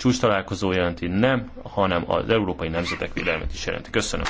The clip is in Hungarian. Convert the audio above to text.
csúcs találkozó jelenti nem, hanem az európai nemzetek védelmet is jelenti. Köszönöm.